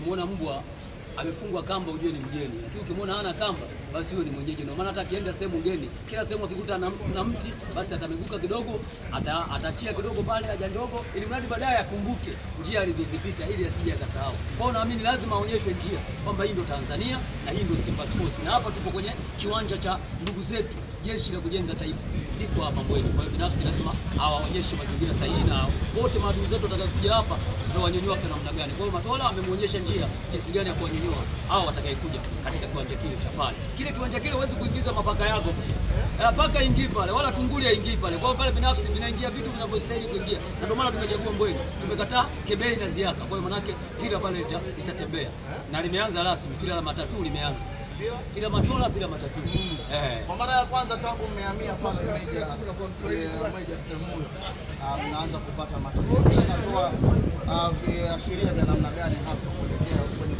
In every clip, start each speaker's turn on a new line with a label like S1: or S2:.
S1: ukimwona mbwa amefungwa kamba ujue ni mgeni, lakini ukimwona hana kamba basi huyo ni mwenyeji. Ndio maana hata akienda sehemu ngeni, kila sehemu akikuta na mti basi atameguka kidogo, ata, atachia kidogo pale haja ndogo, ili mradi baadaye akumbuke njia alizozipita ili asije akasahau. Kwa hiyo naamini lazima aonyeshwe njia kwamba hii ndio Tanzania na hii ndio Simba Sports, na hapa tupo kwenye kiwanja cha ndugu zetu, jeshi la kujenga taifa liko hapa Mbweni. Kwa hiyo binafsi lazima awaonyeshe mazingira sahihi na wote maadui zetu watakaokuja hapa tutawanyonyoa kwa namna gani. Kwa hiyo Matola amemwonyesha njia jinsi gani ya kuwanyonyoa hao watakayekuja katika kiwanja kile cha pale. Kile kiwanja kile huwezi kuingiza mapaka yako eh, paka aingii pale wala tunguli aingii pale. Kwa hiyo pale binafsi vinaingia vitu vinavyostahili kuingia, na ndio maana tumechagua Mbweni, tumekataa Kebei na Ziaka. Kwa hiyo manake pira pale litatembea na limeanza rasmi, pira la matatu limeanza. Kila matola pila matatu.
S2: Mm. Eh. Kwa mara ya kwanza tangu mmehamia pale Meja eh, Meja Semuyo, ah, mnaanza kupata matokeo, inatoa ah, viashiria vya namna gani hasa kuelekea kwenye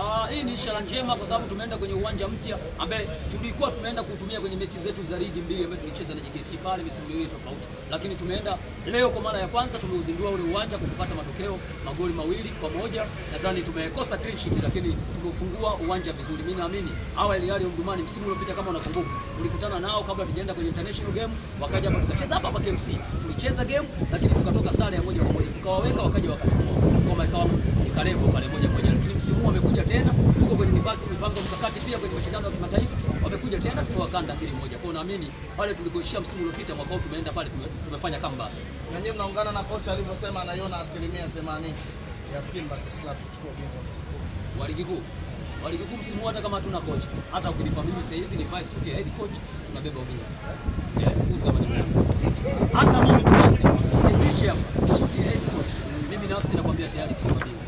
S1: Uh, hii ni ishara njema kwa sababu tumeenda kwenye uwanja mpya ambaye tulikuwa tunaenda kuutumia kwenye mechi zetu za ligi mbili ambayo tulicheza na JKT pale misimu miwili tofauti, lakini tumeenda leo kwa mara ya kwanza tumeuzindua ule uwanja kwa kupata matokeo magoli mawili kwa moja. Nadhani tumekosa clean sheet, lakini tumeufungua uwanja vizuri. Mimi naamini hawa Al Hilal Omdurman msimu uliopita, kama unakumbuka, tulikutana nao kabla tujaenda kwenye international game, wakaja hapa tukacheza hapa kwa KMC, tulicheza game lakini tukatoka sare ya moja kwa moja, tukawaweka wakaja wakatumoa kama ikawa ikalevo pale moja kwa moja msimu wamekuja tena, tuko kwenye mipango mkakati pia kwenye mashindano ya kimataifa, wamekuja tena tuko wakanda mbili moja kwao. Naamini pale tulikoishia msimu uliopita, mwaka huu tumeenda pale tume, tumefanya comeback.
S2: Na nyinyi mnaungana na kocha alivyosema, anaiona asilimia 80 ya Simba Club kuchukua ubingwa
S1: wa ligi kuu wa ligi kuu msimu hata kama hatuna kocha, hata ukinipa mimi sasa hizi nivae suti ya head coach, tunabeba ubingwa yeah, kuza maneno yangu. Hata mimi binafsi nivishe suti ya head coach, mimi nafsi nakwambia tayari Simba bingwa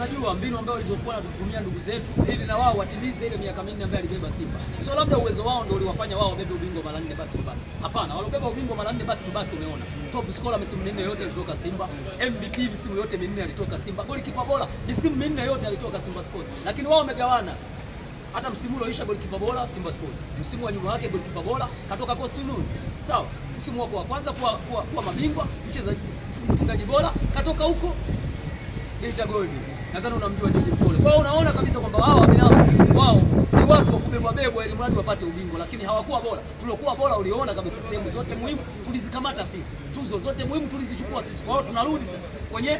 S1: unajua mbinu ambayo walizokuwa natutumia ndugu zetu ili na wao watimize ile miaka minne ambayo alibeba Simba. So labda uwezo wao ndio uliwafanya wao wabebe ubingwa mara nne back to back. Hapana, walobeba ubingwa mara nne back to back umeona. Top scorer misimu minne yote alitoka Simba, MVP misimu yote minne alitoka Simba, golikipa bora misimu minne yote alitoka Simba Sports. Lakini wao wamegawana hata msimu ulioisha golikipa bora Simba Sports, msimu wa nyuma yake golikipa bora katoka Coastal Union, sawa. Msimu wako wa kwanza kuwa, kuwa, kuwa mabingwa mchezaji mfungaji bora katoka huko Geita Gold nadhani unamjua George Mpole. Kwa hiyo unaona kabisa kwamba hawa binafsi wao ni watu wa kubebwa bebwa ili mradi wapate ubingwa, lakini hawakuwa bora. Tuliokuwa bora uliona kabisa, sehemu zote muhimu tulizikamata sisi, tuzo zote muhimu tulizichukua sisi. Kwa hiyo tunarudi sasa kwenye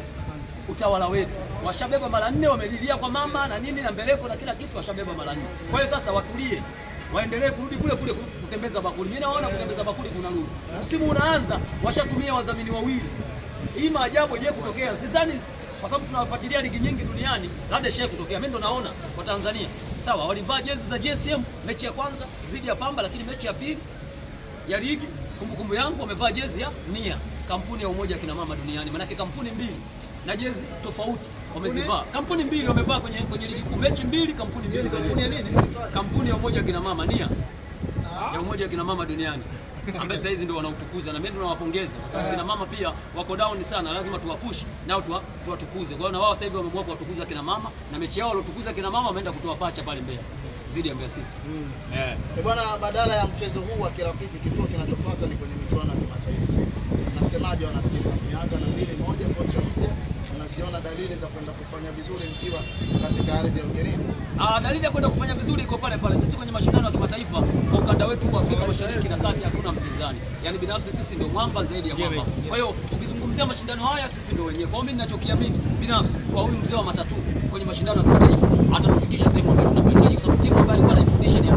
S1: utawala wetu. Washabeba mara nne, wamelilia kwa mama na nini na mbeleko na kila kitu, washabeba mara nne. Kwa hiyo sasa watulie, waendelee kurudi kule kule kutembeza bakuli. Mimi naona kutembeza bakuli kuna rudi. Msimu unaanza, washatumia wadhamini wawili. Hii maajabu je kutokea? Sidhani kwa sababu tunafuatilia ligi nyingi duniani, labda shehe kutokea. Mimi ndo naona kwa Tanzania sawa, walivaa jezi za JSM mechi ya kwanza zidi ya Pamba, lakini mechi ya pili ya ligi kumbukumbu yangu wamevaa jezi ya Nia, kampuni ya umoja kina mama duniani, maanake kampuni mbili na jezi tofauti wamezivaa. Kampuni mbili wamevaa kwenye kwenye ligi kuu, mechi mbili, kampuni mbili ya nini? Kampuni ya umoja kina mama Nia ya umoja kina mama duniani ambaye sasa hizi ndio wanautukuza, na mimi tunawapongeza kwa sababu eh. kina mama pia wako down sana, lazima tuwapush nao tuwatukuze. Kwa hiyo na wao sasa hivi wameamua kuwatukuza kina mama, na mechi yao waliotukuza kina mama wameenda kutoa pacha pale Mbeya zidi ya Mbeya City.
S2: Mm. Yeah. Eh, bwana, badala ya mchezo huu wa kirafiki, kituo kinachofuata ni kwenye michuano ya kimataifa. Nasemaje wana Simba? Nianza na mbili moja kocha mpya unaziona dalili za kwenda kufanya vizuri mkiwa katika ardhi ya Ugerini?
S1: Ah, dalili ya kwenda kufanya vizuri iko pale pale. Sisi kwenye mashindano ya kimataifa kwa ukanda wetu wa Afrika Mashariki na Kati hatuna mpinzani, yaani binafsi sisi ndio mwamba zaidi ya mwamba. Kwa hiyo tukizungumzia mashindano haya sisi ndio wenyewe. Kwa hiyo mimi ninachokiamini binafsi kwa huyu mzee wa matatu kwenye mashindano ya kimataifa atatufikisha sehemu ambayo tunapohitaji, kwa sababu timu ambayo alikuwa anaifundisha ni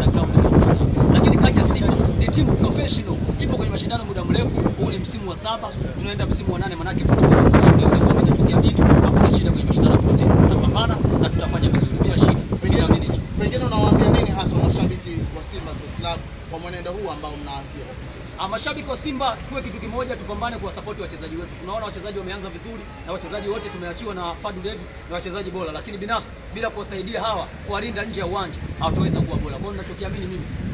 S1: timu professional ipo kwenye mashindano muda mrefu. Huu ni msimu wa saba, tunaenda msimu wa nane, manake tunachokiamini hakuna shida kwenye mashindano yote, na tutafanya vizuri bila shida.
S2: Pengine unawaambia nini hasa mashabiki wa Simba Sports Club kwa mwenendo huu ambao mnaanzia?
S1: Ah, mashabiki wa Simba tuwe kitu kimoja, tupambane kuwasapoti wachezaji wetu. Tunaona wachezaji wameanza vizuri na wachezaji wote tumeachiwa na Fadu Davis na wachezaji bora, lakini binafsi bila kuwasaidia hawa kuwalinda nje ya uwanja hawataweza kuwa bora. Kwa hiyo ninachokiamini mimi